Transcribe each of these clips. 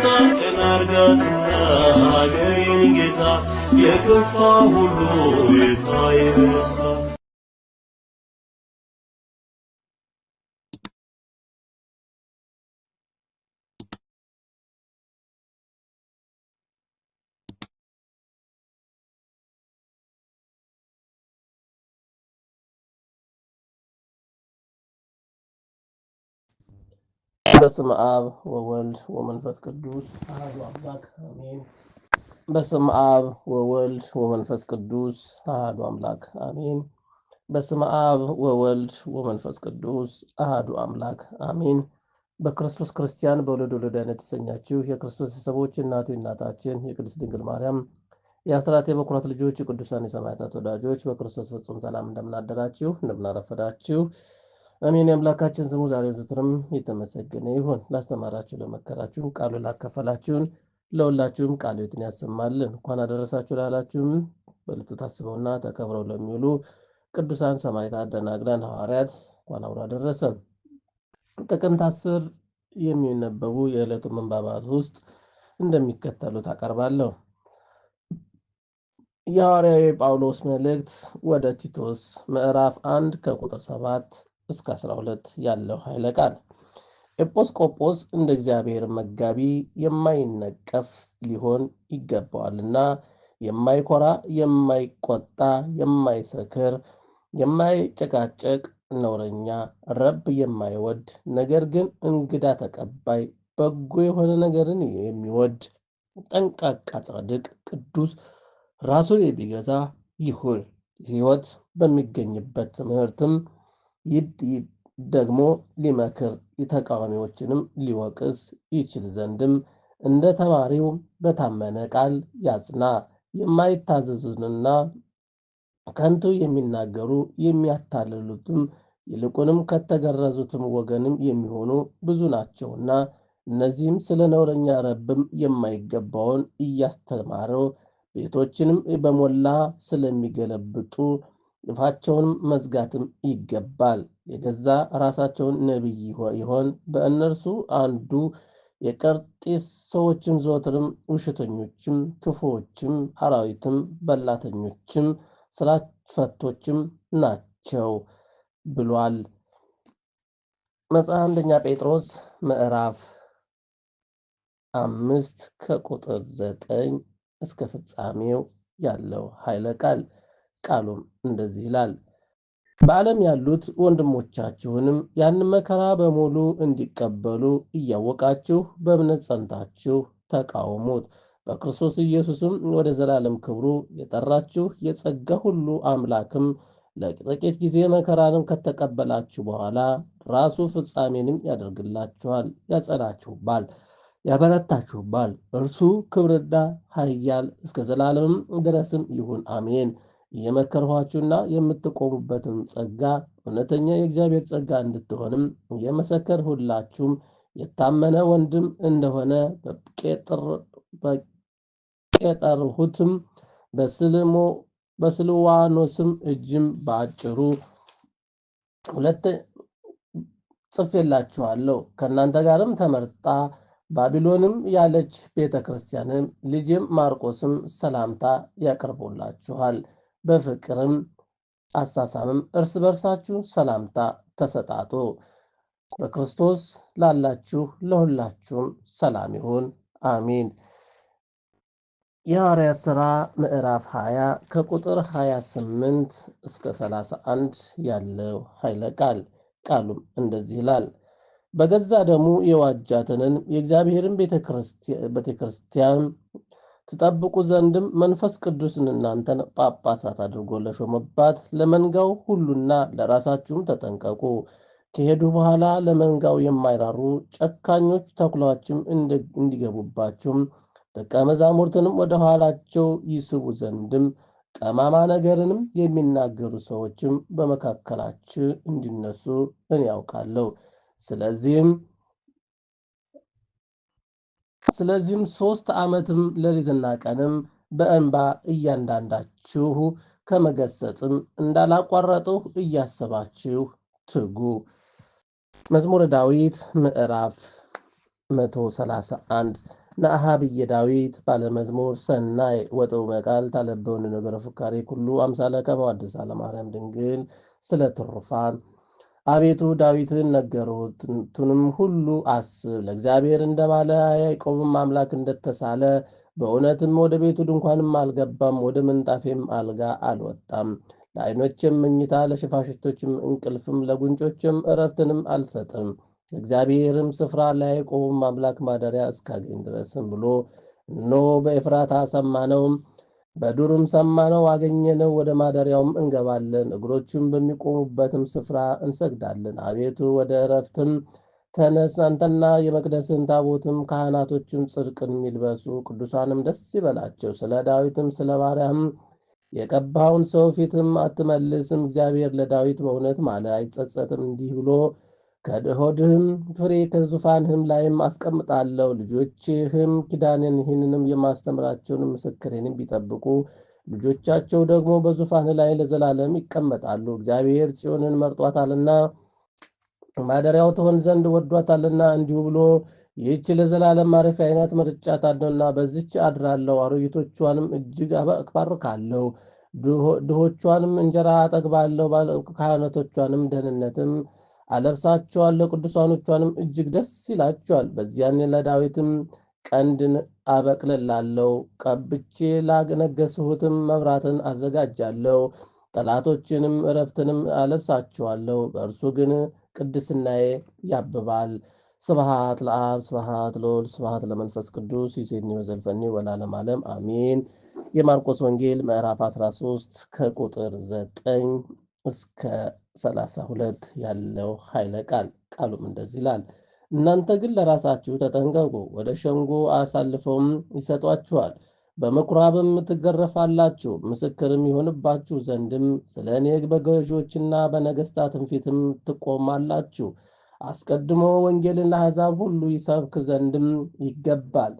ቀን አርጋ ስናገኝ ጌታ የከፋ ሁሉ ይታይ ረሳ በስም አብ ወወልድ ወመንፈስ ቅዱስ አሐዱ አምላክ አሜን። በስም አብ ወወልድ ወመንፈስ ቅዱስ አሐዱ አምላክ አሜን። በስም አብ ወወልድ ወመንፈስ ቅዱስ አሐዱ አምላክ አሜን። በክርስቶስ ክርስቲያን በወለድ አይነት የተሰኛችሁ የክርስቶስ ቤተሰቦች እናቱ እናታችን የቅድስት ድንግል ማርያም የአስራት የበኩራት ልጆች የቅዱሳን የሰማዕታት ወዳጆች በክርስቶስ ፍጹም ሰላም እንደምናደራችሁ እንደምናረፈዳችሁ አሜን። የአምላካችን ስሙ ዛሬ ዘወትርም የተመሰገነ ይሁን። ላስተማራችሁ፣ ለመከራችሁም፣ ቃሉ ላከፈላችሁን ለሁላችሁም ቃሉ ሕይወትን ያሰማልን። እንኳን አደረሳችሁ ላላችሁም በልጡ ታስበውና ተከብረው ለሚውሉ ቅዱሳን ሰማዕታት፣ ደናግላን፣ ሐዋርያት እንኳን አብሮ አደረሰን። ጥቅምት አስር የሚነበቡ የዕለቱ ምንባባት ውስጥ እንደሚከተሉት አቀርባለሁ። የሐዋርያዊ ጳውሎስ መልእክት ወደ ቲቶስ ምዕራፍ አንድ ከቁጥር ሰባት እስከ 12 ያለው ኃይለ ቃል ኤጲስቆጶስ እንደ እግዚአብሔር መጋቢ የማይነቀፍ ሊሆን ይገባዋልና የማይኮራ፣ የማይቆጣ፣ የማይሰክር፣ የማይጨቃጨቅ፣ ነውረኛ፣ ረብ የማይወድ ነገር ግን እንግዳ ተቀባይ፣ በጎ የሆነ ነገርን የሚወድ ጠንቃቃ፣ ጻድቅ፣ ቅዱስ፣ ራሱን የሚገዛ ይሁን። ሕይወት በሚገኝበት ትምህርትም ይድ ደግሞ ሊመክር የተቃዋሚዎችንም ሊወቅስ ይችል ዘንድም እንደ ተማሪው በታመነ ቃል ያጽና። የማይታዘዙንና ከንቱ የሚናገሩ የሚያታልሉትም ይልቁንም ከተገረዙትም ወገንም የሚሆኑ ብዙ ናቸውና እነዚህም ስለ ነውረኛ ረብም የማይገባውን እያስተማረው ቤቶችንም በሞላ ስለሚገለብጡ አፋቸውን መዝጋትም ይገባል። የገዛ ራሳቸውን ነቢይ ይሆን? በእነርሱ አንዱ የቀርጢስ ሰዎችም ዘወትርም ውሸተኞችም፣ ክፉዎችም፣ አራዊትም፣ በላተኞችም፣ ስራ ፈቶችም ናቸው ብሏል። መጽሐፍ አንደኛ ጴጥሮስ ምዕራፍ አምስት ከቁጥር ዘጠኝ እስከ ፍጻሜው ያለው ኃይለ ቃል ቃሉም እንደዚህ ይላል በዓለም ያሉት ወንድሞቻችሁንም ያንን መከራ በሙሉ እንዲቀበሉ እያወቃችሁ በእምነት ጸንታችሁ ተቃውሙት። በክርስቶስ ኢየሱስም ወደ ዘላለም ክብሩ የጠራችሁ የጸጋ ሁሉ አምላክም ለጥቂት ጊዜ መከራንም ከተቀበላችሁ በኋላ ራሱ ፍጻሜንም ያደርግላችኋል፣ ያጸናችሁባል፣ ያበረታችሁባል። እርሱ ክብርና ኃያል እስከ ዘላለምም ድረስም ይሁን አሜን። የመከርኋችሁና የምትቆሙበትም ጸጋ እውነተኛ የእግዚአብሔር ጸጋ እንድትሆንም ሁላችሁም የታመነ ወንድም እንደሆነ በቄጠርሁትም በስልዋኖስም እጅም በአጭሩ ሁለት ጽፌላችኋለሁ። ከእናንተ ጋርም ተመርጣ ባቢሎንም ያለች ቤተ ክርስቲያንም ልጅም ማርቆስም ሰላምታ ያቀርቡላችኋል። በፍቅርም አሳሳምም እርስ በርሳችሁ ሰላምታ ተሰጣጡ። በክርስቶስ ላላችሁ ለሁላችሁም ሰላም ይሁን፣ አሚን። የሐዋርያ ሥራ ምዕራፍ 20 ከቁጥር 28 እስከ 31 ያለው ኃይለ ቃል ቃሉም እንደዚህ ይላል። በገዛ ደሙ የዋጃትንን የእግዚአብሔርን ቤተ ክርስቲያን ትጠብቁ ዘንድም መንፈስ ቅዱስን እናንተን ጳጳሳት አድርጎ ለሾመባት ለመንጋው ሁሉና ለራሳችሁም ተጠንቀቁ። ከሄዱ በኋላ ለመንጋው የማይራሩ ጨካኞች ተኩላዎችም እንዲገቡባችሁም ደቀ መዛሙርትንም ወደ ኋላቸው ይስቡ ዘንድም ጠማማ ነገርንም የሚናገሩ ሰዎችም በመካከላችሁ እንዲነሱ እኔ ያውቃለሁ። ስለዚህም ስለዚህም ሶስት ዓመትም ሌሊትና ቀንም በእንባ እያንዳንዳችሁ ከመገሰጽም እንዳላቋረጥሁ እያሰባችሁ ትጉ። መዝሙረ ዳዊት ምዕራፍ 131 ንአሃብየ ዳዊት ባለመዝሙር ሰናይ ወጥው መቃል ታለበውን ነገረ ፉካሬ ኩሉ አምሳለ ከመዋድሳ አለማርያም ድንግል ስለ ትሩፋን አቤቱ ዳዊትን ነገርሁት ቱንም ሁሉ አስብ። ለእግዚአብሔር እንደማለ ያዕቆብም አምላክ እንደተሳለ በእውነትም ወደ ቤቱ ድንኳንም አልገባም፣ ወደ ምንጣፌም አልጋ አልወጣም። ለዓይኖችም መኝታ፣ ለሽፋሽቶችም እንቅልፍም፣ ለጉንጮችም እረፍትንም አልሰጥም። እግዚአብሔርም ስፍራ ለያዕቆብም አምላክ ማደሪያ እስካገኝ ድረስም ብሎ እነሆ በኤፍራታ ሰማነውም በዱርም ሰማነው አገኘነው፣ ወደ ማደሪያውም እንገባለን፣ እግሮቹም በሚቆሙበትም ስፍራ እንሰግዳለን። አቤቱ ወደ እረፍትም ተነስ፣ አንተና የመቅደስን ታቦትም። ካህናቶችም ጽድቅን ይልበሱ፣ ቅዱሳንም ደስ ይበላቸው። ስለ ዳዊትም ስለ ባሪያህም የቀባውን ሰው ፊትም አትመልስም። እግዚአብሔር ለዳዊት በእውነት ማለ አይጸጸትም፣ እንዲህ ብሎ ከሆድህም ፍሬ ከዙፋንህም ላይም አስቀምጣለሁ። ልጆችህም ኪዳንን ይህንንም የማስተምራቸውን ምስክሬንም ቢጠብቁ ልጆቻቸው ደግሞ በዙፋን ላይ ለዘላለም ይቀመጣሉ። እግዚአብሔር ጽዮንን መርጧታልና ማደሪያው ትሆን ዘንድ ወዷታልና እንዲሁ ብሎ ይህች ለዘላለም ማረፊያ አይናት መርጫታለሁና በዚች አድራለሁ፣ አሮጊቶቿንም እጅግ አባርካለሁ፣ ድሆቿንም እንጀራ አጠግባለሁ፣ ካህነቶቿንም ደህንነትም አለብሳቸዋል ለቅዱሳኖቿንም እጅግ ደስ ይላቸዋል። በዚያን ለዳዊትም ቀንድን አበቅልላለው ቀብቼ ላነገስሁትም መብራትን አዘጋጃለሁ። ጠላቶችንም እረፍትንም አለብሳቸዋለሁ። በእርሱ ግን ቅድስናዬ ያብባል። ስብሃት ለአብ ስብሃት ለወልድ ስብሃት ለመንፈስ ቅዱስ ይሴድኒ ወዘልፈኒ ወላለም ዓለም አሚን። የማርቆስ ወንጌል ምዕራፍ 13 ከቁጥር 9 እስከ 32 ያለው ኃይለ ቃል ቃሉም እንደዚህ ይላል። እናንተ ግን ለራሳችሁ ተጠንቀቁ፣ ወደ ሸንጎ አሳልፈውም ይሰጧችኋል፣ በምኩራብም ትገረፋላችሁ። ምስክርም ይሆንባችሁ ዘንድም ስለ እኔ በገዦችና በነገሥታትም ፊትም ትቆማላችሁ። አስቀድሞ ወንጌልን ለአሕዛብ ሁሉ ይሰብክ ዘንድም ይገባል።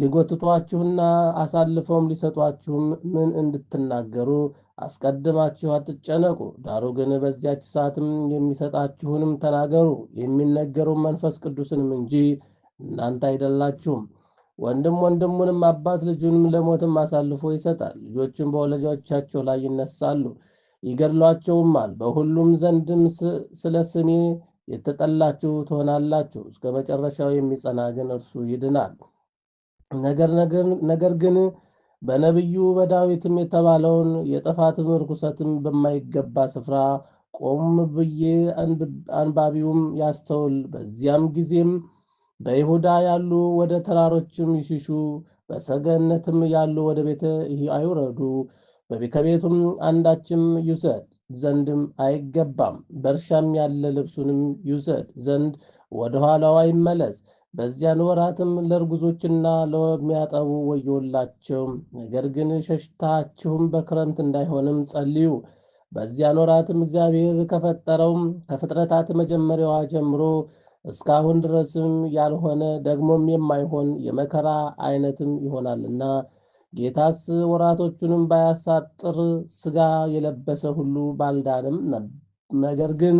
ሊጎትቷችሁና አሳልፈውም ሊሰጧችሁም ምን እንድትናገሩ አስቀድማችሁ አትጨነቁ። ዳሩ ግን በዚያች ሰዓትም የሚሰጣችሁንም ተናገሩ፣ የሚነገሩም መንፈስ ቅዱስንም እንጂ እናንተ አይደላችሁም። ወንድም ወንድሙንም አባት ልጁንም ለሞትም አሳልፎ ይሰጣል። ልጆችም በወላጆቻቸው ላይ ይነሳሉ፣ ይገድሏቸውማል። በሁሉም ዘንድም ስለ ስሜ የተጠላችሁ ትሆናላችሁ። እስከ መጨረሻው የሚጸና ግን እርሱ ይድናል። ነገር ነገር ግን በነቢዩ በዳዊትም የተባለውን የጥፋትም ርኩሰትም በማይገባ ስፍራ ቆም ብዬ አንባቢውም ያስተውል። በዚያም ጊዜም በይሁዳ ያሉ ወደ ተራሮችም ይሽሹ፣ በሰገነትም ያሉ ወደ ቤተ አይውረዱ፣ ከቤቱም አንዳችም ይውሰድ ዘንድም አይገባም። በእርሻም ያለ ልብሱንም ይውሰድ ዘንድ ወደ ኋላው አይመለስ። በዚያን ወራትም ለእርጉዞችና ለሚያጠቡ ወዮላቸው። ነገር ግን ሸሽታችሁም በክረምት እንዳይሆንም ጸልዩ። በዚያን ወራትም እግዚአብሔር ከፈጠረውም ከፍጥረታት መጀመሪያዋ ጀምሮ እስካሁን ድረስም ያልሆነ ደግሞም የማይሆን የመከራ አይነትም ይሆናልና ጌታስ ወራቶቹንም ባያሳጥር ሥጋ የለበሰ ሁሉ ባልዳንም ነገር ግን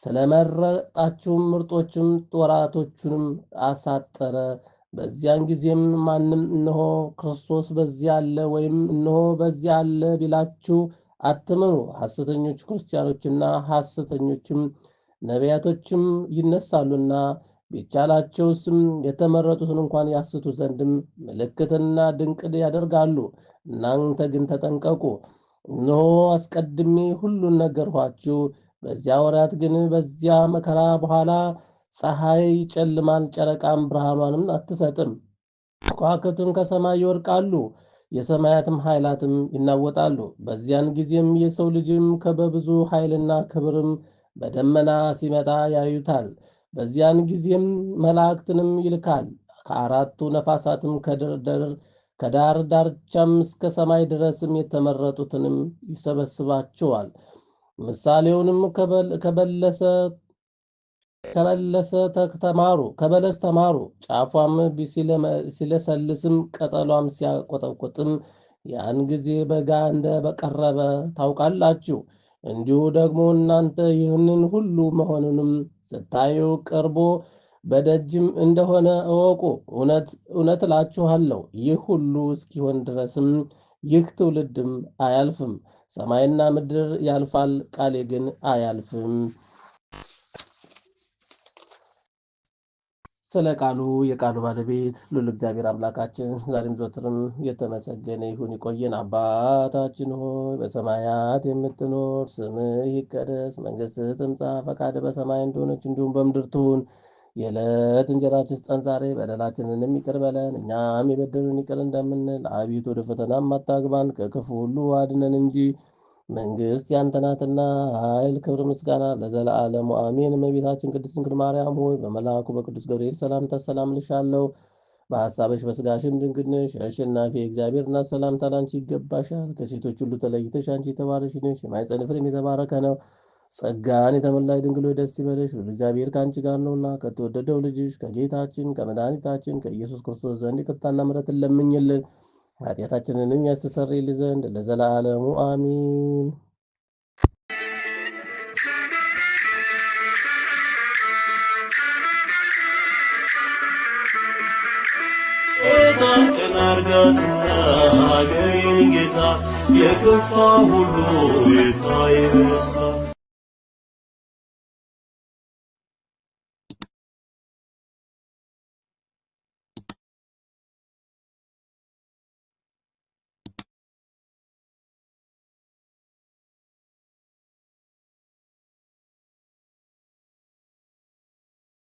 ስለመረጣችሁም ምርጦችም ጦራቶቹንም አሳጠረ። በዚያን ጊዜም ማንም እነሆ ክርስቶስ በዚያ አለ ወይም እነሆ በዚያ አለ ቢላችሁ አትመኑ። ሐሰተኞች ክርስቲያኖችና ሐሰተኞችም ነቢያቶችም ይነሳሉና ስም የተመረጡትን እንኳን ያስቱ ዘንድም ምልክትና ድንቅ ያደርጋሉ። እናንተ ግን ተጠንቀቁ። እነሆ አስቀድሜ ሁሉን ነገርኋችሁ። በዚያ ወራት ግን በዚያ መከራ በኋላ ፀሐይ ይጨልማል፣ ጨረቃም ብርሃኗንም አትሰጥም። ከዋክብትም ከሰማይ ይወርቃሉ፣ የሰማያትም ኃይላትም ይናወጣሉ። በዚያን ጊዜም የሰው ልጅም ከበብዙ ኃይልና ክብርም በደመና ሲመጣ ያዩታል። በዚያን ጊዜም መላእክትንም ይልካል፣ ከአራቱ ነፋሳትም ከዳር ዳርቻም እስከ ሰማይ ድረስም የተመረጡትንም ይሰበስባቸዋል። ምሳሌውንም ከበለሰ ከበለሰ ተማሩ ከበለስ ተማሩ። ጫፏም ሲለሰልስም ቅጠሏም ሲያቆጠቁጥም ያን ጊዜ በጋ እንደ በቀረበ ታውቃላችሁ። እንዲሁ ደግሞ እናንተ ይህንን ሁሉ መሆኑንም ስታዩ ቀርቦ በደጅም እንደሆነ እወቁ። እውነት እላችኋለሁ ይህ ሁሉ እስኪሆን ድረስም ይህ ትውልድም አያልፍም። ሰማይና ምድር ያልፋል፣ ቃሌ ግን አያልፍም። ስለ ቃሉ የቃሉ ባለቤት ሉል እግዚአብሔር አምላካችን ዛሬም ዘወትርም የተመሰገነ ይሁን። ይቆየን። አባታችን ሆይ በሰማያት የምትኖር ስምህ ይቀደስ፣ መንግስትህ ትምጣ፣ ፈቃድህ በሰማይ እንደሆነች እንዲሁም በምድር ትሁን የዕለት እንጀራችን ስጠን ዛሬ፣ በደላችንን ይቅር በለን እኛም የበደሉን ይቅር እንደምንል፣ አቤት ወደ ፈተናም አታግባን ከክፉ ሁሉ አድነን እንጂ መንግስት ያንተ ናትና፣ ኃይል፣ ክብር፣ ምስጋና ለዘላለሙ አሜን። እመቤታችን ቅድስት ድንግል ማርያም ሆይ በመልአኩ በቅዱስ ገብርኤል ሰላምታ ሰላም ልሻለሁ። በሐሳብሽ በስጋሽም ድንግል ነሽ። አሸናፊ እግዚአብሔር እናት ሰላምታ ላንቺ ይገባሻል። ከሴቶች ሁሉ ተለይተሽ አንቺ የተባረክሽ ነሽ። የማኅፀንሽ የተባረከ ነው። ጸጋን የተመላሽ ድንግል ሆይ ደስ ይበልሽ፣ እግዚአብሔር ከአንቺ ጋር ነውና ከተወደደው ልጅሽ ከጌታችን ከመድኃኒታችን ከኢየሱስ ክርስቶስ ዘንድ ይቅርታና ምሕረትን ለምኝልን ኃጢአታችንንም ያስተሰርይልን ዘንድ ለዘላለሙ አሚን። ጌታ የከፋ ሁሉ